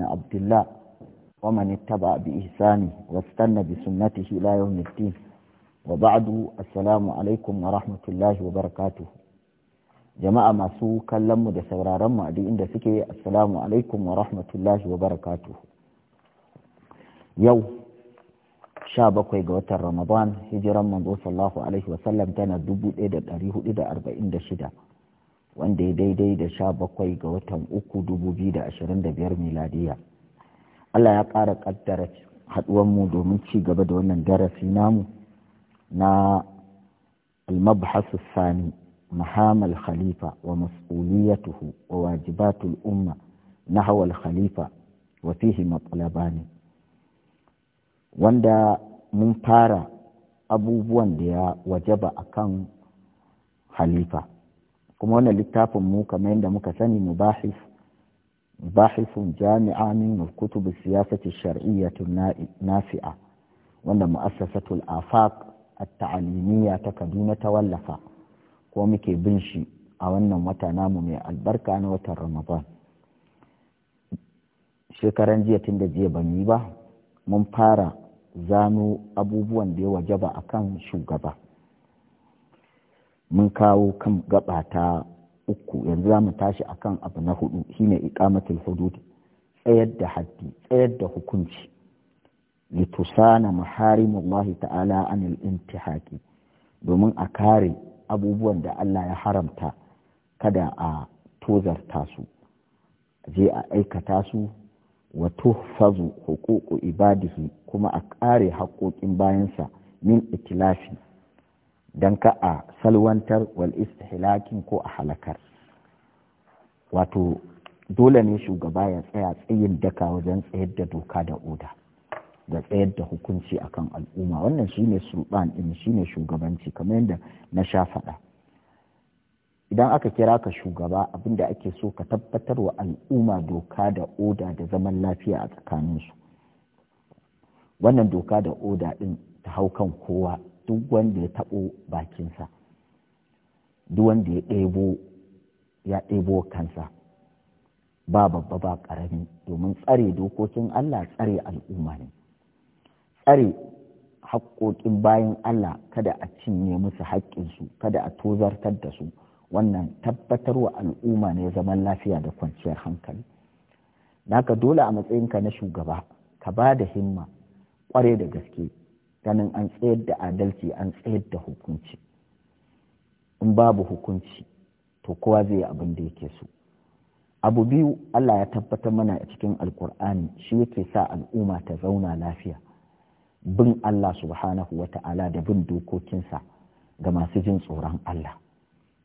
بن عبد الله ومن اتبع بإحسانه واستنى بسنته إلى يوم الدين وبعد السلام عليكم ورحمة الله وبركاته جماعة ما سوكا لما دسورا رمى دي عند سكي السلام عليكم ورحمة الله وبركاته يو شابك ويقوات رمضان هجي رمضان صلى الله عليه وسلم تانا دبو الإيدة الأريه الإيدة أربعين دشدة wanda ya daidai da sha bakwai ga watan uku dubu biyu da ashirin da biyar miladiya Allah ya ƙara ƙaddara haɗuwanmu domin ci gaba da wannan darasi namu na almabhasu sani mahamal khalifa wa mas'uliyatuhu wa wajibatul umma na hawal khalifa wa fihi matsalabani wanda mun fara abubuwan da ya wajaba akan khalifa kuma wannan littafin mu kamar yadda muka sani mubahis mubahisun jami'a min kutub siyasati shar'iyyatu nafi'a wanda mu'assasatul afaq a talimiyya ta Kaduna ta wallafa ko muke bin shi a wannan wata namu mai albarka na watan Ramadan shekaran jiya tun da jiya ban yi ba mun fara zano abubuwan da ya wajaba kan shugaba mun kawo kan gaba ta uku yanzu za mu tashi akan abu na hudu shine iqamatul hudud tsayar da haddi tsayar da hukunci litusana maharimullahi ta'ala anil intihaki domin a kare abubuwan da Allah ya haramta kada a tozarta su je a aikata su wa tuhfazu huququ ibadihi kuma a kare haƙoƙin bayansa min itilafi don ka a salwantar wal istihlakin ko a halakar wato dole ne shugaba ya tsaya tsayin daka wajen tsayar da doka da oda da tsayar da hukunci akan al'umma wannan shine sulban din shine shugabanci kamar yadda na sha faɗa idan aka kira ka shugaba abinda ake so ka tabbatar wa al'umma doka da oda da zaman lafiya a tsakaninsu wannan doka da oda din ta hau kan kowa duk wanda ya taɓo bakinsa duk wanda ya ɗebo ya ɗebo kansa ba babba ba ƙarami domin tsare dokokin Allah tsare al'umma ne tsare haƙoƙin bayan Allah kada a cinye musu haƙƙinsu kada a tozartar da su wannan tabbatar wa al'umma ne zaman lafiya da kwanciyar hankali naka dole a matsayinka na shugaba ka ba da himma ƙware da gaske ganin an tsayar da adalci an tsayar da hukunci in babu hukunci to kowa zai yi abin da yake so abu biyu Allah ya tabbatar mana a cikin alkur'ani shi yake sa al'umma ta zauna lafiya bin Allah subhanahu wa ta'ala da bin dokokinsa ga masu jin tsoron Allah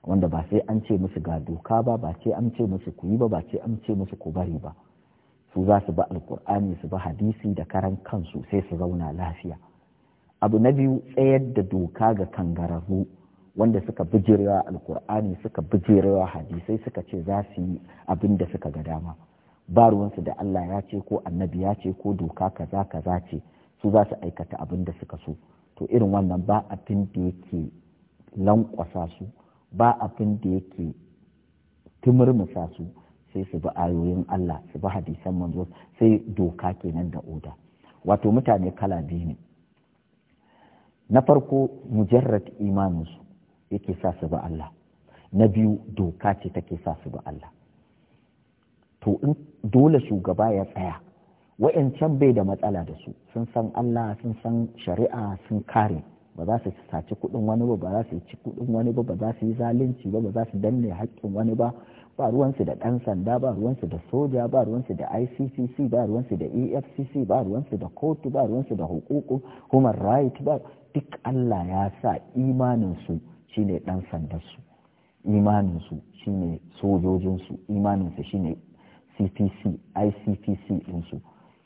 wanda ba sai an ce musu ga doka ba ba sai an ce musu ku yi ba ba sai an ce musu ku bari ba su za su ba alkur'ani su ba hadisi da karan kansu sai su zauna lafiya abu na biyu tsayar da doka ga kangararru wanda suka bijirewa alkur'ani suka bijirewa hadisai suka ce za su yi abin da suka ga dama ba ruwansu da Allah ya ce ko annabi ya ce ko doka kaza kaza ce su za su aikata abin da suka so to irin wannan ba abin da yake lankwasa su ba abin da yake timurmusa su sai su bi ayoyin Allah su bi hadisan manzo sai doka kenan da oda wato mutane kala biyu ne na farko mujarrad imaninsu yake sa su ba Allah na biyu doka ce take sa su ba Allah to in dole shugaba ya tsaya wa'yancan bai da matsala da su sun san Allah sun san shari'a sun kare ba za su saci kuɗin wani ba ba za su ci kuɗin wani ba ba za su yi zalunci ba ba za su danne haƙƙin wani ba ba ruwansu da ɗan sanda ba ruwansu da soja ba ruwansu da iccc ba ruwansu da efcc ba ruwansu da kotu ba ruwansu da hukuku human right ba duk allah ya sa imaninsu shine ɗan sandarsu imaninsu shine sojojinsu imaninsu shine cpc iccc ɗinsu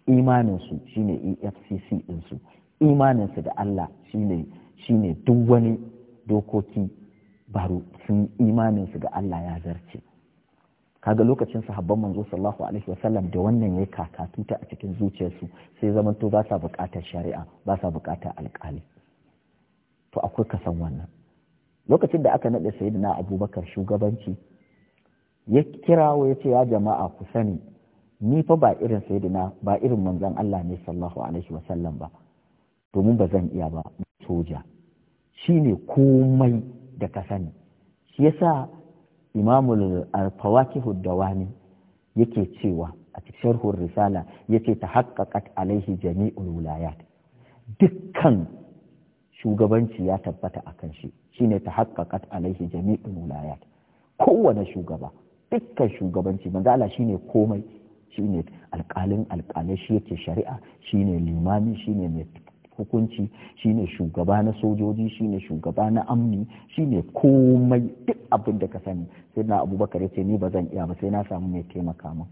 imaninsu shine efcc ɗinsu imaninsu da allah shine shine duk wani dokoki baro sun imaninsu ga allah ya zarce kaga lokacin sahabban manzo sallallahu alaihi wasallam da wannan ya kakatuta a cikin zuciyarsu sai zaman to ba sa buƙatar shari'a ba sa buƙatar alƙali to akwai kasan wannan lokacin da aka naɗa sayyidina abubakar shugabanci ya kirawo ya ce ya jama'a ku sani ni fa ba irin sayyidina ba irin manzon Allah ne sallallahu alaihi wasallam ba domin ba zan iya ba soja shine komai da ka sani shi yasa imamul fawakihud dawani yake cewa a sharhur risala yake ta haƙaƙat alaihi jami'ul wulayat dukkan shugabanci ya tabbata a kan shi shine ta haƙaƙat alaihi jami'ul wulayat kowane shugaba dukkan shugabanci manzo Allah shine komai shine alƙalin alƙalai shi yake shari'a shine limami shine mai hukunci shine shugaba na sojoji shine shugaba na amni shine komai duk abin da ka sani sai na abubakar ya ce ni ba zan iya ba sai na samu mai taimaka min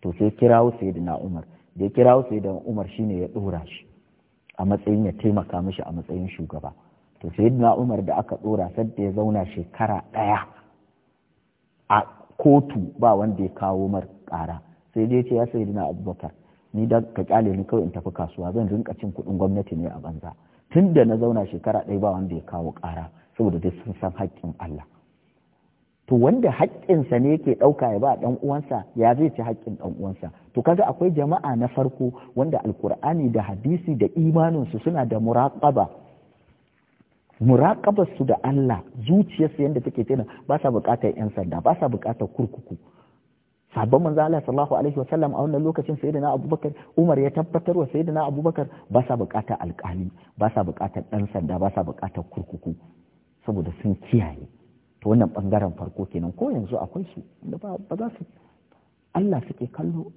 to sai kirawo sai da na umar da ya kirawo sai da umar shine ya dora shi a matsayin ya taimaka mishi a matsayin shugaba to sai na umar da aka dora sanda ya zauna shekara ɗaya a kotu ba wanda ya kawo mar kara sai dai ce ya sai na abubakar ni da ka kyale ni kawai in tafi kasuwa zan rinka cin kuɗin gwamnati ne a banza tun da na zauna shekara ɗaya ba wanda ya kawo ƙara saboda dai sun san haƙƙin Allah to wanda haƙƙinsa ne yake ɗauka ya ba ɗan uwansa ya zai ci haƙƙin ɗan uwansa to kaga akwai jama'a na farko wanda alkur'ani da hadisi da imaninsu suna da muraƙaba muraqabar su da Allah zuciyarsu yanda take tana ba sa buƙatar 'yan sanda ba sa buƙatar kurkuku sabon manzo Allah sallallahu alaihi wa sallam a wannan lokacin sayyidina Abubakar Umar ya tabbatar wa sayyidina Abubakar ba sa bukatar alƙali ba sa bukatar dan sanda ba sa bukatar kurkuku saboda sun kiyaye to wannan bangaren farko kenan ko yanzu akwai su ba za su Allah suke kallo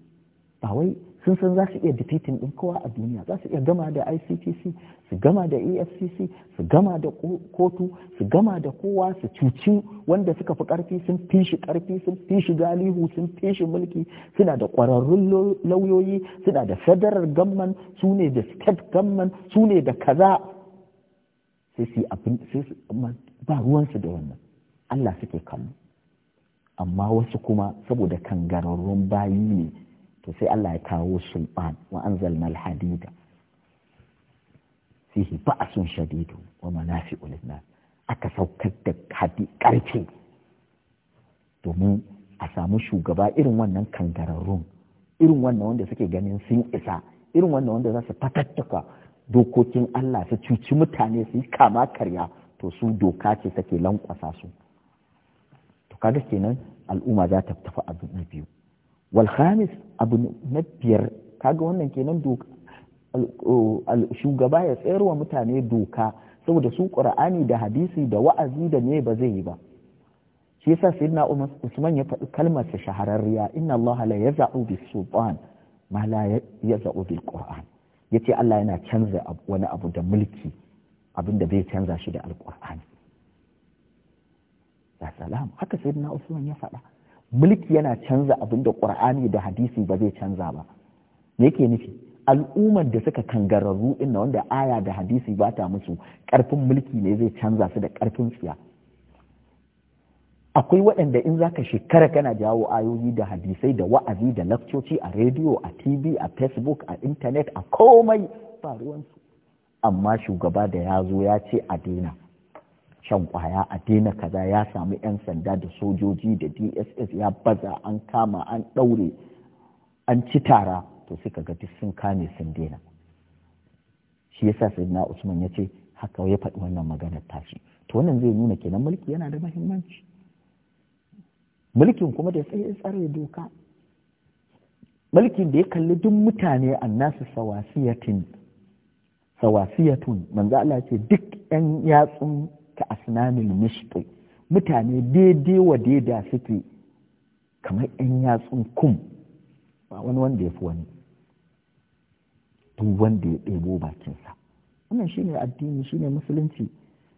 ba wai sun san za su iya defeatin ɗin kowa a duniya za su iya gama da ICTC, su gama da efcc su gama da kotu su gama da kowa su cuci wanda suka fi ƙarfi sun fi shi ƙarfi sun fi shi galihu sun fi shi mulki suna da ƙwararrun lauyoyi suna da federal gamman su ne da state gamman su ne da kaza sai su ba ruwansu da wannan allah suke kallo amma wasu kuma saboda kangararrun bayi ne to sai Allah ya kawo sulban wa anzalnal hadida fihi ba'sun shadidu wa manafi'u lin aka saukar da hadi karfi domin a samu shugaba irin wannan kangararrun irin wannan wanda suke ganin sun isa irin wannan wanda za su fatattaka dokokin Allah su cuci mutane su yi kama karya to su doka ce take lankwasa su to kaga kenan al'umma za ta tafi a biyu wal abu na biyar kaga wannan kenan shugaba ya tsayar wa mutane doka saboda su qur'ani da hadisi da wa'azi da ne ba zai yi ba shi yasa sayyidina Usman ya faɗi kalmar sa shahararriya inna Allah la yaz'u bis sultan ma la yaz'u bil qur'an yace Allah yana canza wani abu da mulki da bai canza shi da alqur'ani da salam haka sayyidina Usman ya faɗa mulki yana canza abin da ƙur'ani da hadisi ba zai canza ba me yake nufi al'ummar da suka kangararru in na wanda aya da hadisi ba ta musu karfin mulki ne zai canza su da ƙarfin tsiya akwai waɗanda in zaka shekara kana jawo ayoyi da hadisai da wa'azi da lakcoci a rediyo a tv a facebook a intanet a komai faruwansu su. amma shugaba da ya zo ya ce a daina shan kwaya a daina kaza ya samu 'yan sanda da sojoji da dss ya baza an kama an ɗaure an ci tara to sai kaga duk sun kame sun daina shi yasa sayyidina usman ya ce haka ya faɗi wannan maganar tashi to wannan zai nuna kenan mulki yana da mahimmanci mulkin kuma da ya tsare doka mulkin da ya kalli duk mutane annasu sawasiyatin sawasiyatun manzo Allah ce duk yan yatsun ka asnanil mishti mutane daidai wa daida suke kamar yan yatsun kum ba wani wanda ya fi wani duk wanda ya ɗebo bakinsa wannan shine addini shine musulunci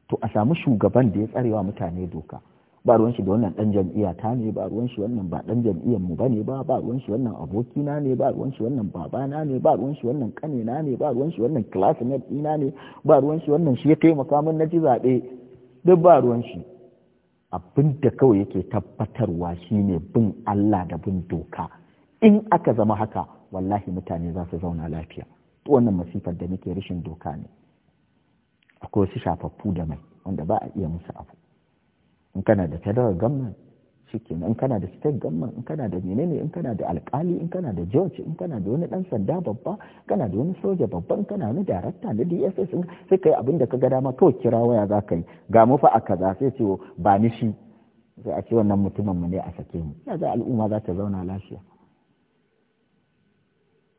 to a samu shugaban da ya tsarewa mutane doka ba ruwan shi da wannan dan jam'iyya ta ne ba ruwan shi wannan ba dan jam'iyyar mu bane ba ba ruwan shi wannan abokina ne ba ruwan shi wannan babana ne ba ruwan shi wannan na ne ba ruwan shi wannan classmate ina ne ba ruwan shi wannan shi ya taimaka min na ji zabe duk ba ruwan shi abinda kawai yake tabbatarwa shine bin Allah da bin doka in aka zama haka wallahi mutane za su zauna lafiya wannan masifar da muke rashin doka ne akwai wasu shafaffu da mai wanda ba a iya musu abu in kana da federal government shikenan in kana da state government in kana da menene in kana da alkali in kana da george in kana da wani dan sanda babba kana da wani soja babba in kana wani director na dss sai kai abin da ka ga dama kawai kira waya za ka yi ga mu fa a kaza sai ce ba ni shi sai a ce wannan mutumin mu ne a sake mu ya za al'umma za ta zauna lafiya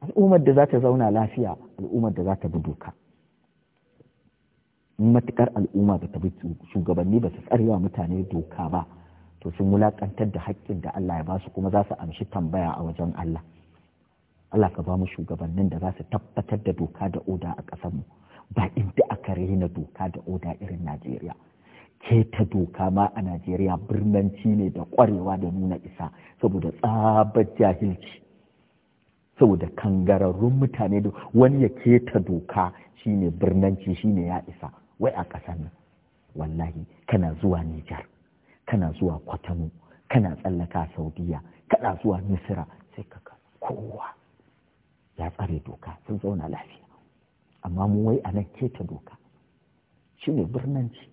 al'ummar da za ta zauna lafiya al'ummar da za ta bi doka matukar al'umma ba ta bi shugabanni ba su tsarewa mutane doka ba to sun wulaƙantar da haƙƙin da Allah ya basu kuma za su amshi tambaya a wajen Allah Allah ka ba mu shugabannin da za su tabbatar da doka da oda a ƙasar mu ba inda aka rena doka da oda irin Najeriya keta doka ma a Najeriya birnanci ne da ƙwarewa da nuna isa saboda tsabar jahilci saboda kangararrun mutane da wani ya keta doka shine birnanci shine ya isa wai a ƙasar nan wallahi kana zuwa Nijar kana zuwa kwatano kana tsallaka saudiya kana zuwa misira sai ka kowa ya tsare doka sun zauna lafiya amma mu wai a nan keta doka shi ne birnanci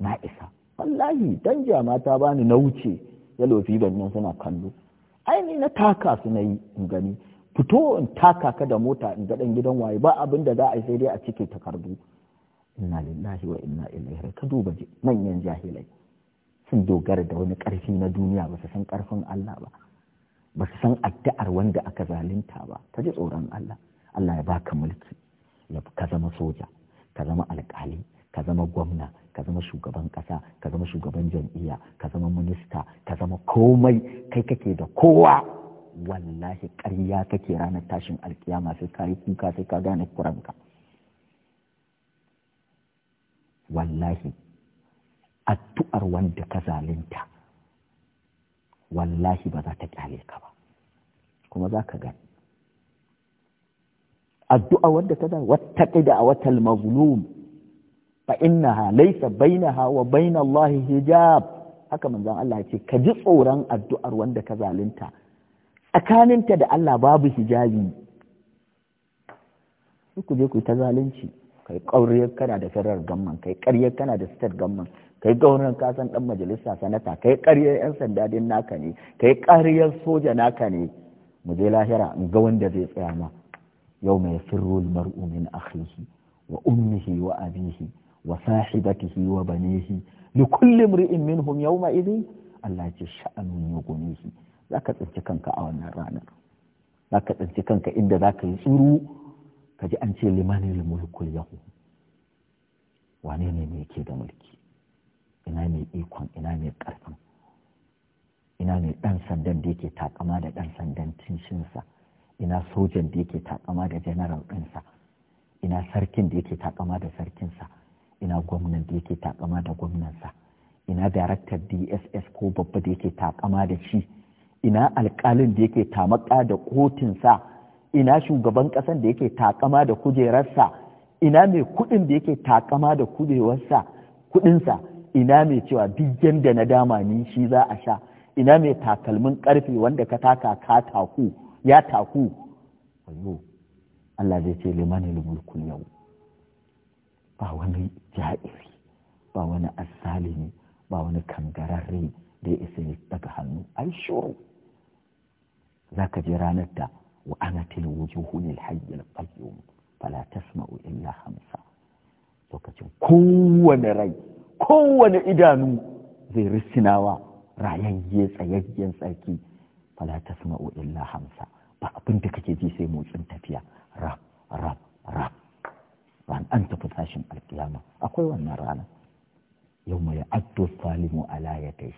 na isa wallahi dan jama ta bani na wuce ya lofi nan suna kallo ai ni na taka su na yi in gani fito in taka ka da mota in ga dan gidan waye ba abin da za a yi sai dai a cike takardu inna lillahi wa inna ilaihi ka duba manyan jahilai sun dogara da wani ƙarfi na duniya ba su san ƙarfin Allah ba ba su san addu'ar wanda aka zalunta ba ta ji tsoron Allah Allah ya baka mulki ya ka zama soja ka zama alƙali ka zama gwamna ka zama shugaban ƙasa ka zama shugaban jam'iyya ka zama minista ka zama komai kai kake da kowa wallahi ƙarya kake ranar tashin alkiyama sai ka yi kuka sai ka gane kuranka wallahi addu'ar wanda ka zalunta wallahi ba za ta kyale ka ba kuma za ka gani addu'a wanda ta zalunta ƙida da awatal mazlum fa laisa baina ha wa baina Allah hijab haka manzon Allah ya ce ka ji tsoron addu'ar wanda ka zalunta tsakaninta da Allah babu hijabi ku je ku yi ta zalunci kai ƙauriyar kana da firar gamman kai ƙaryar kana da sitar gamman kai gwamnan kasan dan majalisa sanata kai ƙaryar 'yan sanda din naka ne kai ƙaryar soja naka ne mu je lahira in ga wanda zai tsaya ma yau mai sirrul mar'u min akhihi wa ummihi wa abihi wa sahibatihi wa banihi li kulli imri'in minhum yawma idhin Allah ce sha'anun yughnihi zaka tsinci kanka a wannan ranar zaka tsinci kanka inda zaka yi tsuru ka ji an ce limanil mulkul yahu wane ne mai yake da mulki ina mai ikon ina mai ƙarfin ina mai ɗan sandan da yake takama da ɗan sandan cinshinsa ina sojan da yake takama da janaral ɗinsa ina sarkin da yake takama da sarkinsa ina gwamnan da yake takama da gwamnansa ina daraktar dss ko babba da yake takama da shi ina alƙalin da yake tamaka da kotinsa ina shugaban ƙasan da yake takama da kujerarsa ina mai kuɗin da yake takama da kujerarsa kuɗinsa ina mai cewa duk yadda na dama ni shi za a sha ina mai takalmin karfe wanda ka taka ka taku ya taku ayo Allah zai ce limani mulku yau ba wani ja'iri ba wani ne, ba wani kangararre da ya isa ya daga hannu ai shuru za ka ranar da wa anatil wujuhu lil hayyar qayyum fala tasma'u illa hamsa lokacin kowane rai kowane idanu zai risinawa rayayye tsayayyen tsarki fala suna illa hamsa ba abin da kake ji sai motsin tafiya rab rab rab Ba an tafi tashin alkiyama akwai wannan rana yau mai addu salimu ala ya kai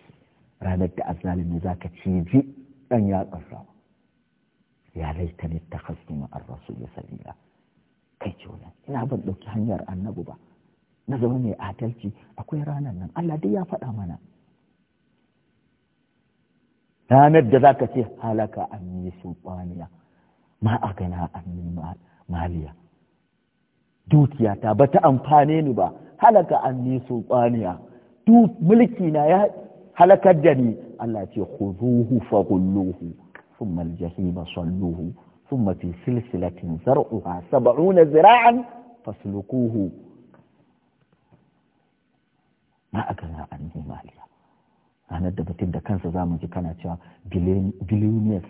ranar da azalimi za ka ciji dan ya tsarsa ya laita ne ta hasu ma'ar rasu ya sabila kai ce ina ban ɗauki hanyar annabu ba na zama mai adalci akwai ranar nan Allah dai ya faɗa mana ranar da zaka ce halaka an yi ma agana gana an yi maliya dukiyata ba ta amfane ni ba halaka an yi sulfaniya duk mulki na ya halakar da ni Allah ce khuzuhu faghulluhu thumma al-jahima salluhu thumma fi silsilatin zar'uha sab'una zira'an fasluquhu ma aka a maliya ranar da mutum da kansa za mu ji kana cewa biliyoniyas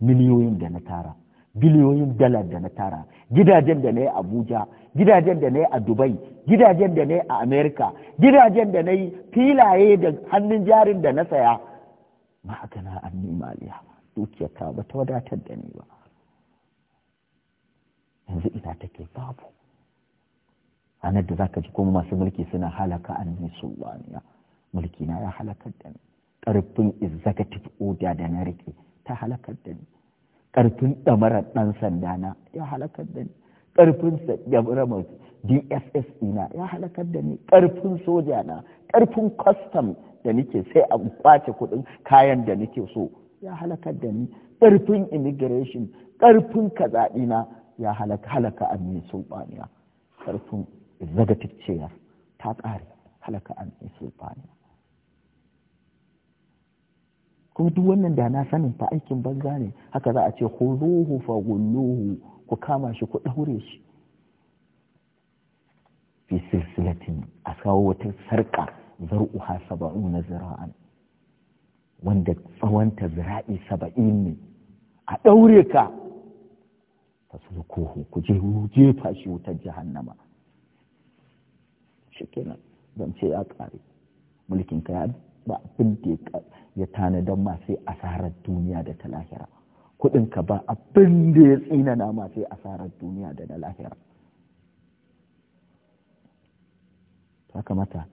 miliyoyin da na tara biliyoyin dala da na tara gidajen da na yi abuja gidajen da na yi a dubai gidajen da na yi a amerika gidajen da na yi filaye da hannun jarin da na saya ma aka na an maliya dukiyata ba ta wadatar da ni ba yanzu ina take babu a nan da zaka ji kuma masu mulki suna halaka annabi sulwaniya mulki na ya halakar da ni ƙarfin executive order da na rike ta halakar da ni ƙarfin ɗamarar ɗan sanda na ya halakar da ni ƙarfin ɗamarar dss ina ya halakar da ni ƙarfin soja na ƙarfin custom da nake sai a kwace kuɗin kayan da nake so ya halakar da ni ƙarfin immigration ƙarfin kaza ya halaka halaka a mai sulɓaniya ƙarfin executive ta ƙare halaka an isulfani kuma duk wannan da na sanin fa aikin banza ne haka za a ce khuzuhu fa gulluhu ku kama shi ku daure shi fi silsilatin a kawo wata sarka saba'u na zira'an wanda tsawonta zira'i saba'in ne a daure ka fasulkuhu ku je ta shi wutar jahannama shi kenan zance ya ƙare mulkin ka ba abin da ya tanadan ma sai asarar duniya da ta lahira kuɗin ka ba abin da ya tsinana ma sai asarar duniya da na lahira ta kamata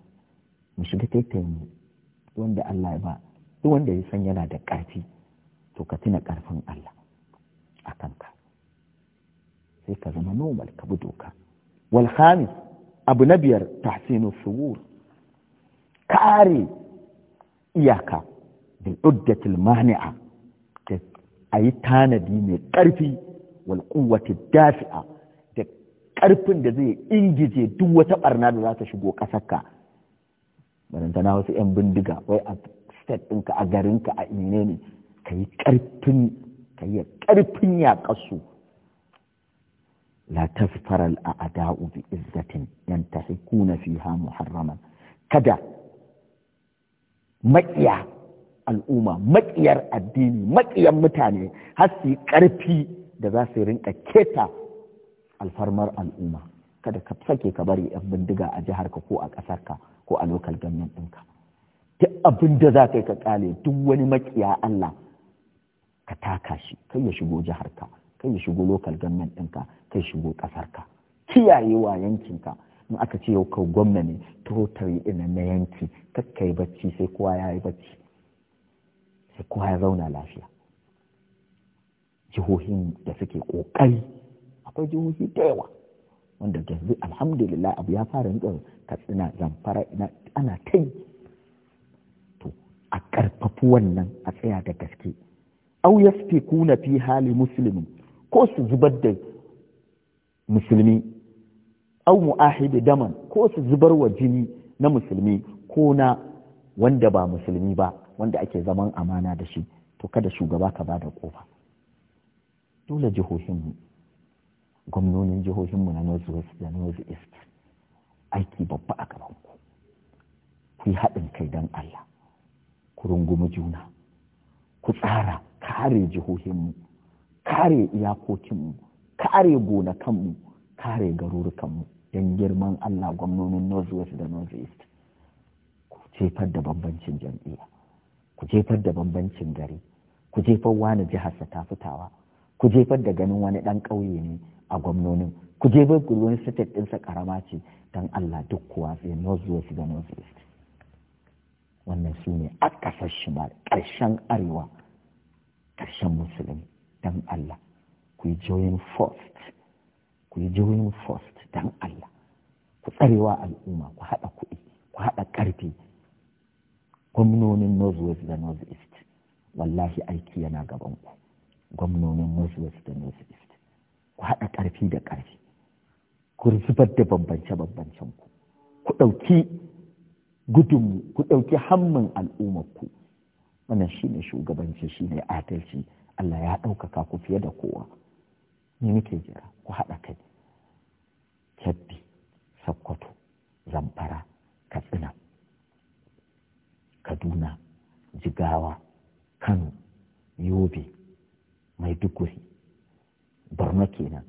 mu shiga taitayin wanda Allah ya ba duk wanda ya san yana da ƙarfi to ka tuna ƙarfin Allah a kanka sai ka zama nomal ka bi doka wal khamis abu na biyar tahsinu suwur kare iyaka bil uddatil mani'a da yi tanadi mai ƙarfi wal quwwati dafi'a da ƙarfin da zai ingije duk wata barna da za ta shigo ƙasarka barantana wasu 'yan bindiga wai a state ɗinka a garinka a inene ka yi ƙarfin ka yi ƙarfin la tasfara al'ada'u bi izzatin yantahikuna fiha muharraman kada maƙiya al'umma maƙiyar addini maƙiyar mutane har su ƙarfi da za su rinka keta alfarmar al'umma kada ka sake ka bari yan bindiga a jiharka ko a ƙasarka ko a lokal ganyen ɗinka duk abin da za kai ka ƙale duk wani maƙiya Allah ka taka shi kai ya shigo jiharka kai ya shigo local government ɗinka kai shigo ƙasar ƙasarka kiyayewa yankinka in aka ce yau ka gwamna ne totari ɗina na yanki kakka yi bacci sai kowa ya yi bacci sai kowa ya zauna lafiya jihohin da suke ƙoƙari akwai jihohi da yawa wanda yanzu alhamdulillah abu ya fara nuna katsina zamfara ina ana ta yi to a ƙarfafi wannan a tsaya da gaske au yasfikuna fi hali muslimin ko su zubar da musulmi au mu'ahidi daman ko su zubar wa jini na musulmi ko na wanda ba musulmi ba wanda ake zaman amana da shi to kada shugaba ka bada da kofa dole jihohinmu gwamnonin jihohinmu na north west da north east aiki babba a gaban ku ku yi haɗin kai don Allah ku rungumi juna ku tsara kare jihohinmu kare iyakokinmu kare gonakanmu kare garurukanmu don girman Allah gwamnonin north west da north east ku jefar da bambancin jam'iyya ku jefar da bambancin gari ku jefar wani jiharsa ta fitawa ku jefar da ganin wani dan ƙauye ne a gwamnonin ku jefar da wani sitet ɗinsa ƙarama ce don Allah duk kuwa sai north west da north east wannan su ne a ƙasar shimal ƙarshen arewa karshen musulmi dan Allah ku yi join first ku yi join first dan Allah ku tsarewa al'umma ku haɗa kuɗi ku haɗa ƙarfi gwamnonin northwest da northeast wallahi aiki yana gaban ku gwamnonin northwest da northeast ku haɗa ƙarfi da ƙarfi ku zubar da bambance-bambancen ku ku ɗauki gudunmu ku ɗauki hammin al'ummar ku wannan shine shugabanci shine adalci Allah ya ɗaukaka ku fiye da kowa ni nake jira ku haɗa kai kyabbi sakkwato zamfara katsina kaduna jigawa kano yobe maiduguri borno kenan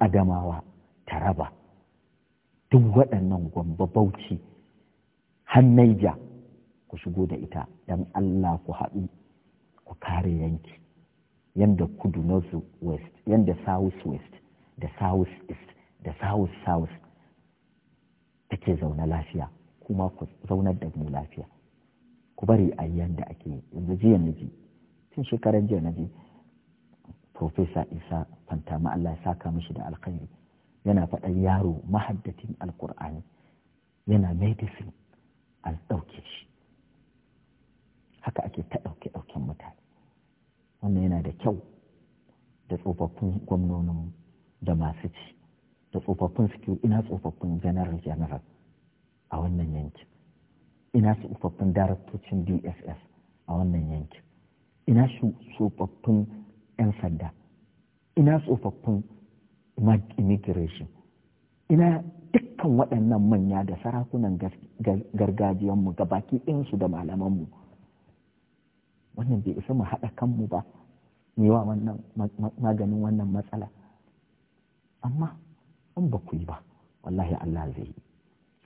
adamawa taraba duk waɗannan gwamba bauchi har ku shigo da ita don allah ku haɗu ku kare yanki yanda kudu north west yanda south west da south east da south south take zaune lafiya kuma ku zaunar da mu lafiya ku bari a yanda ake yanzu jiya na ji tun shekarar jiya na ji Profesa Isa Fantama Allah ya saka mishi da alkhairi yana faɗan yaro mahaddacin alkur'ani yana medicine an ɗauke shi haka ake ta ɗauke ɗauken mutane wannan yana da kyau da tsofaffin gwamnonin da masu ci da tsofaffin suke ina tsofaffin general general a wannan yankin ina tsofaffin daraktocin dss a wannan yankin ina tsofaffin 'yan sanda ina tsofaffin immigration ina dukkan waɗannan manya da sarakunan gargajiyanmu ga baki ɗinsu da malamanmu wannan bai isa mu haɗa kanmu ba mu wa wannan maganin wannan matsala amma in ba ku yi ba wallahi Allah zai yi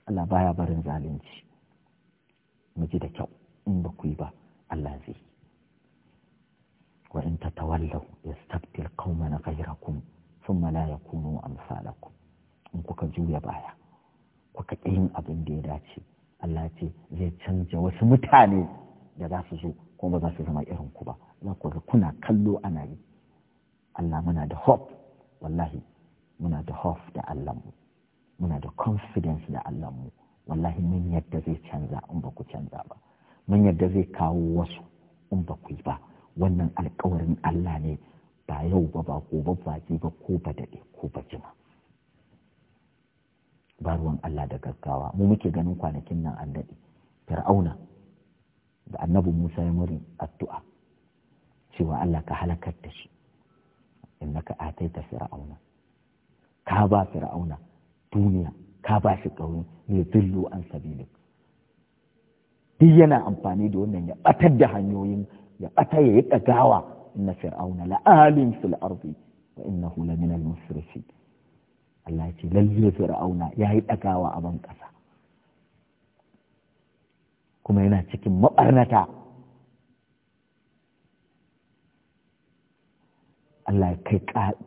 Allah baya barin zalunci mu ji da kyau in ba ku yi ba Allah zai yi wa in ta ya tatawallaw yastabdil qauman ghayrakum thumma a yakunu amsalakum in kuka juya baya kuka yin abin da ya dace Allah ce zai canja wasu mutane da za su zo kuma ba za su zama irin ku ba za ku ga kuna kallo ana yi Allah muna da hope wallahi muna da hope da Allah mu muna da confidence da Allah mu wallahi mun yadda zai canza in ba ku canza ba mun yadda zai kawo wasu in ba ku yi ba wannan alkawarin Allah ne ba yau ba ba ko ba ba ba ko ba daɗe ko ba jima ba ruwan Allah da gaggawa mu muke ganin kwanakin nan an daɗe fir'auna da annabi Musa ya muri addu'a cewa Allah ka halakar da shi innaka ataita fir'auna ka ba fir'auna duniya ka ba shi kauni ne dillu an sabilik duk yana amfani da wannan ya batar da hanyoyin ya bata ya yi ɗagawa inna fir'auna la'alin fil ardi wa innahu la min al musrifin Allah ya ce lalle fir'auna ya yi ɗagawa a ban ƙasa kuma yana cikin maɓarnata Allah kai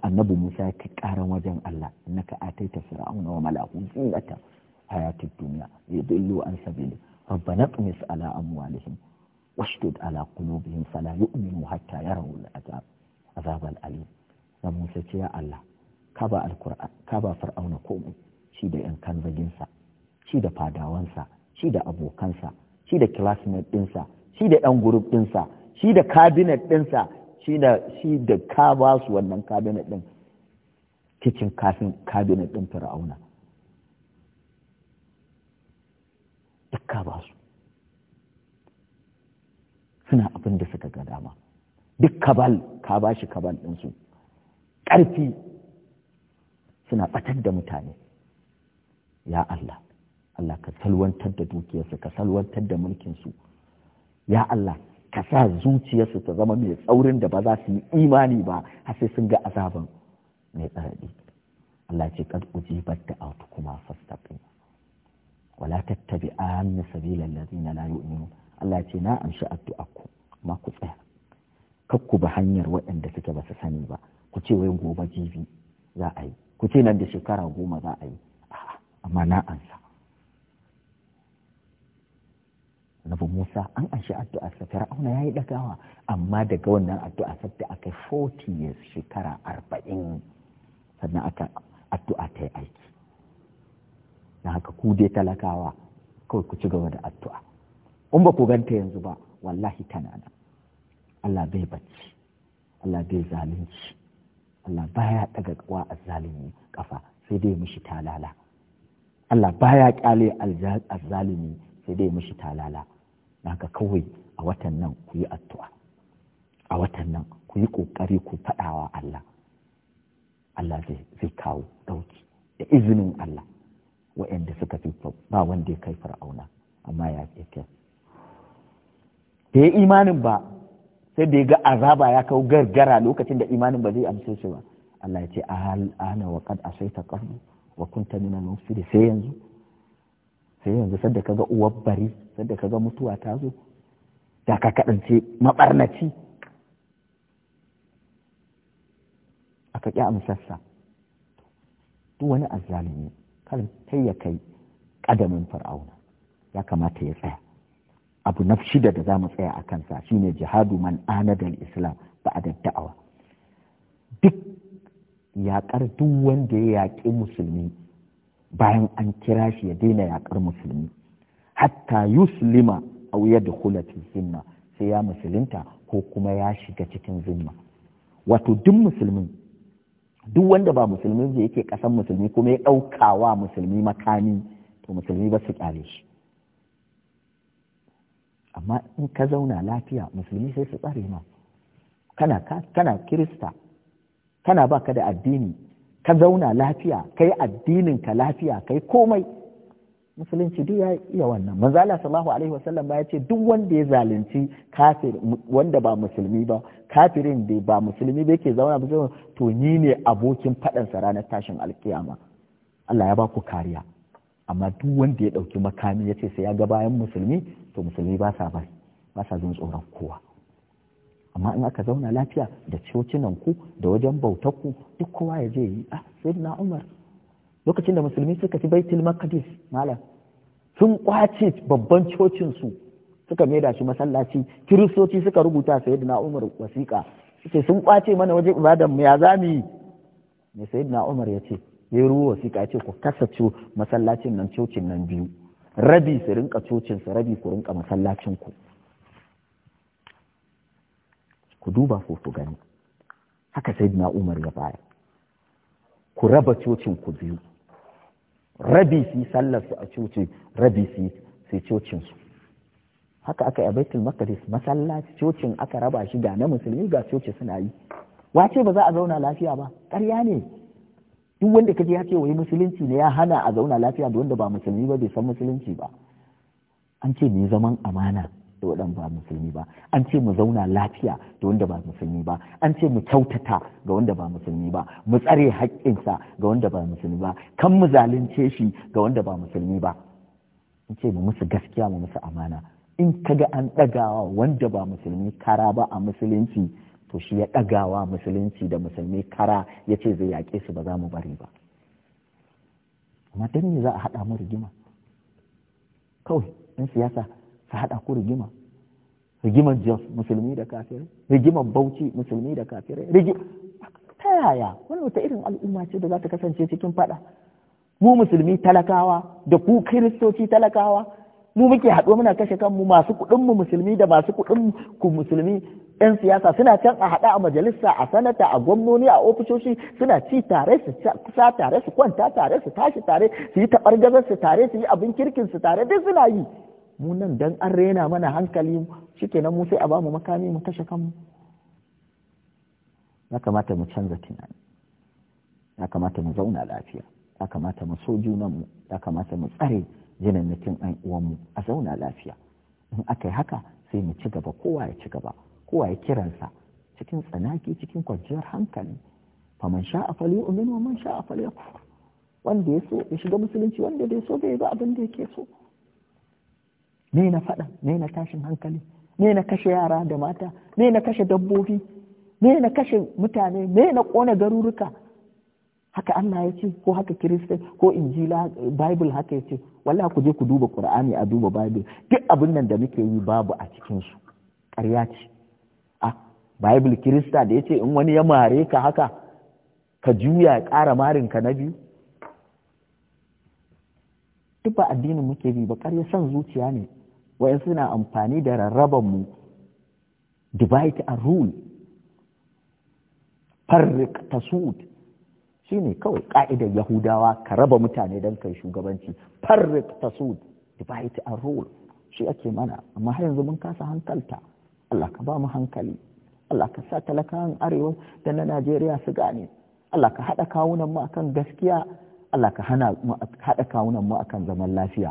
annabi Musa kai ƙaran wajen Allah innaka ataita fir'auna wa mala'ahu zinata hayatid dunya yadullu an sabili rabbana tumis ala amwalihim washdud ala qulubihim fala yu'minu hatta yarawu al'azab azabal al'alim da Musa ce ya Allah ka ba alqur'an ka ba fir'auna komai shi da yan kanzaginsa shi da fadawansa shi da abokansa shi da classmate ɗinsa shi da ɗan group ɗinsa shi da cabinet ɗinsa shi da shi da ka ba su wannan cabinet ɗin kicin kafin cabinet ɗin fir'auna duk ka ba su suna abin da suka ga dama duk kabal ka ba shi kabal ɗinsu ƙarfi suna ɓatar da mutane ya Allah Allah ka salwantar da dukiyarsu ka salwantar da mulkinsu ya Allah ka sa zuciyarsu ta zama mai tsaurin da ba za su yi imani ba har sai sun ga azaban mai tsaradi Allah ce kad ujibat da autu kuma fastaqim wala tattabi an sabila allazina la yu'minun Allah ce na amshi addu'aku ma ku tsaya kakku ba hanyar waɗanda suke ba su sani ba ku ce wai gobe jibi za a yi ku ce nan da shekara goma za a yi amma na ansa Nabi Musa an anshi addu'a sa Fir'auna yi dagawa amma daga wannan addu'a sa da aka 40 years shekara arba'in sannan aka addu'a ta yi aiki na haka ku dai talakawa kawai ku ci gaba da addu'a in ba ku ganta yanzu ba wallahi tana nan Allah bai bacci Allah bai zalunci Allah baya ɗaga wa azzalimi kafa sai dai mishi talala Allah baya kyale azzalimi sai dai mishi talala haka kawai a watan nan ku yi addu'a a watan nan ku yi ƙoƙari ku faɗawa Allah Allah zai kawo ɗauki da izinin Allah waɗanda suka fi ba wanda ya kai fir'auna amma ya ce da ya imanin ba sai da ya ga azaba ya kawo gargara lokacin da imanin ba zai amsa shi ba Allah ya ce a ana wa asaita kafin wa kunta min al sai yanzu sai yanzu sadda kaga uwar bari sadda ga mutuwa ta zo da ka kaɗance maɓarnaci aka ƙi amsarsa duk wani azzalumi kan kai ya kai ƙadamin fir'auna ya kamata ya tsaya abu na shida da za mu tsaya a kansa shine jihadu man anadal islam ba a da'awa duk yaƙar duk wanda ya yaƙi musulmi bayan an kira shi ya daina yaƙar musulmi hatta yuslima aw yadkhula fi zimma sai ya musulunta ko kuma ya shiga cikin zimma wato duk musulmin duk wanda ba musulmin da yake kasan musulmi kuma ya ɗaukawa musulmi makami to musulmi ba su kare shi amma in ka zauna lafiya musulmi sai su tsare ma kana kana kirista kana baka da addini ka zauna lafiya kai addinin ka lafiya kai komai musulunci duk ya iya wannan manzo Allah sallallahu alaihi wasallam ba ya ce duk wanda ya zalunci kafir wanda ba musulmi ba kafirin da ba musulmi ba yake zauna ba to ni ne abokin fadan sa ranar tashin alkiyama Allah ya ba ku kariya amma duk wanda ya dauki makami ya ce sai ya ga bayan musulmi to musulmi ba sa ba sa jin tsoron kowa amma in aka zauna lafiya da cocinan ku da wajen bautar duk kowa ya je yi ah sayyidina umar lokacin da musulmi suka ci baitul maqdis malam sun kwace babban cocin su suka maida shi masallaci kiristoci suka rubuta sayyidina umar wasiƙa ce sun kwace mana waje ibadan mu ya zami ne sayyidina umar ya ce ya ruwa wasiƙa ya ce ku kasace masallacin nan cocin nan biyu rabi su rinka cocin su rabi ku rinka masallacin ku ku duba ko ku gani haka sai na umar ya fara. ku raba cocin ku biyu rabi su sallar su a coci rabi su sai cocin su haka aka yi baitul masallaci cocin aka raba shi ga na musulmi ga coci suna yi wace ba za a zauna lafiya ba ƙarya ne duk wanda kaje ya ce wai musulunci ne ya hana a zauna lafiya da wanda ba musulmi ba bai san musulunci ba an ce ne zaman amana da waɗanda ba musulmi ba an ce mu zauna lafiya da wanda ba musulmi ba an ce mu kyautata ga wanda ba musulmi ba mu tsare haƙƙinsa ga wanda ba musulmi ba kan mu zalunce shi ga wanda ba musulmi ba an ce mu musu gaskiya mu musu amana in ka ga an ɗagawa wanda ba musulmi kara ba a musulunci to shi ya ɗagawa musulunci da musulmi kara ya ce zai yaƙe su ba za mu bari ba amma don me za a haɗa mu rigima kawai in siyasa ka haɗa ku rigima rigimar jos musulmi da kafirai rigimar bauchi musulmi da kafirai ta yaya wannan wata irin al'umma ce da za ta kasance cikin faɗa mu musulmi talakawa da ku kiristoci talakawa mu muke haɗuwa muna kashe kanmu masu kuɗinmu musulmi da masu kuɗin ku musulmi 'yan siyasa suna can a haɗa a majalisa a sanata a gwamnoni a ofishoshi suna ci tare su kusa tare su kwanta tare su tashi tare su yi taɓar gazar su tare su yi abin kirkin su tare duk suna yi mu nan dan an rena mana hankali shikenan mu sai a bamu makami mu kashe kanmu ya kamata mu canza tunani ya kamata mu zauna lafiya ya kamata mu so junanmu ya kamata mu tsare jinin mutum an uwanmu a zauna lafiya in aka yi haka sai mu ci gaba kowa ya ci gaba kowa ya kiransa cikin tsanaki cikin kwanciyar hankali faman sha a fali umin wa man sha a fali wanda ya so ya shiga musulunci wanda ya so bai ba abin da yake so ne na faɗa ne na tashin hankali ne na kashe yara da mata ne na kashe dabbobi ne na kashe mutane ne na ƙona garuruka haka Allah ya ce ko haka Kirista ko Injila Bible haka ya ce wallahi ku je ku duba Qur'ani a duba Bible duk abin nan da muke yi babu a cikin su ƙarya ce a Bible Kirista da ya ce in wani ya mare ka haka ka juya ya ƙara marin ka na biyu duk ba addinin muke bi ba ƙarya son zuciya ne wayan suna amfani da rarraban mu divide and rule farrik tasud shine kawai ka'idar yahudawa ka raba mutane don kai shugabanci farrik tasud divide and rule shi ake mana amma har yanzu mun kasa hankalta Allah ka ba mu hankali Allah ka sa talakawan arewa da na Najeriya su gane Allah ka haɗa kawunan mu akan gaskiya Allah ka hana haɗa kawunan mu akan zaman lafiya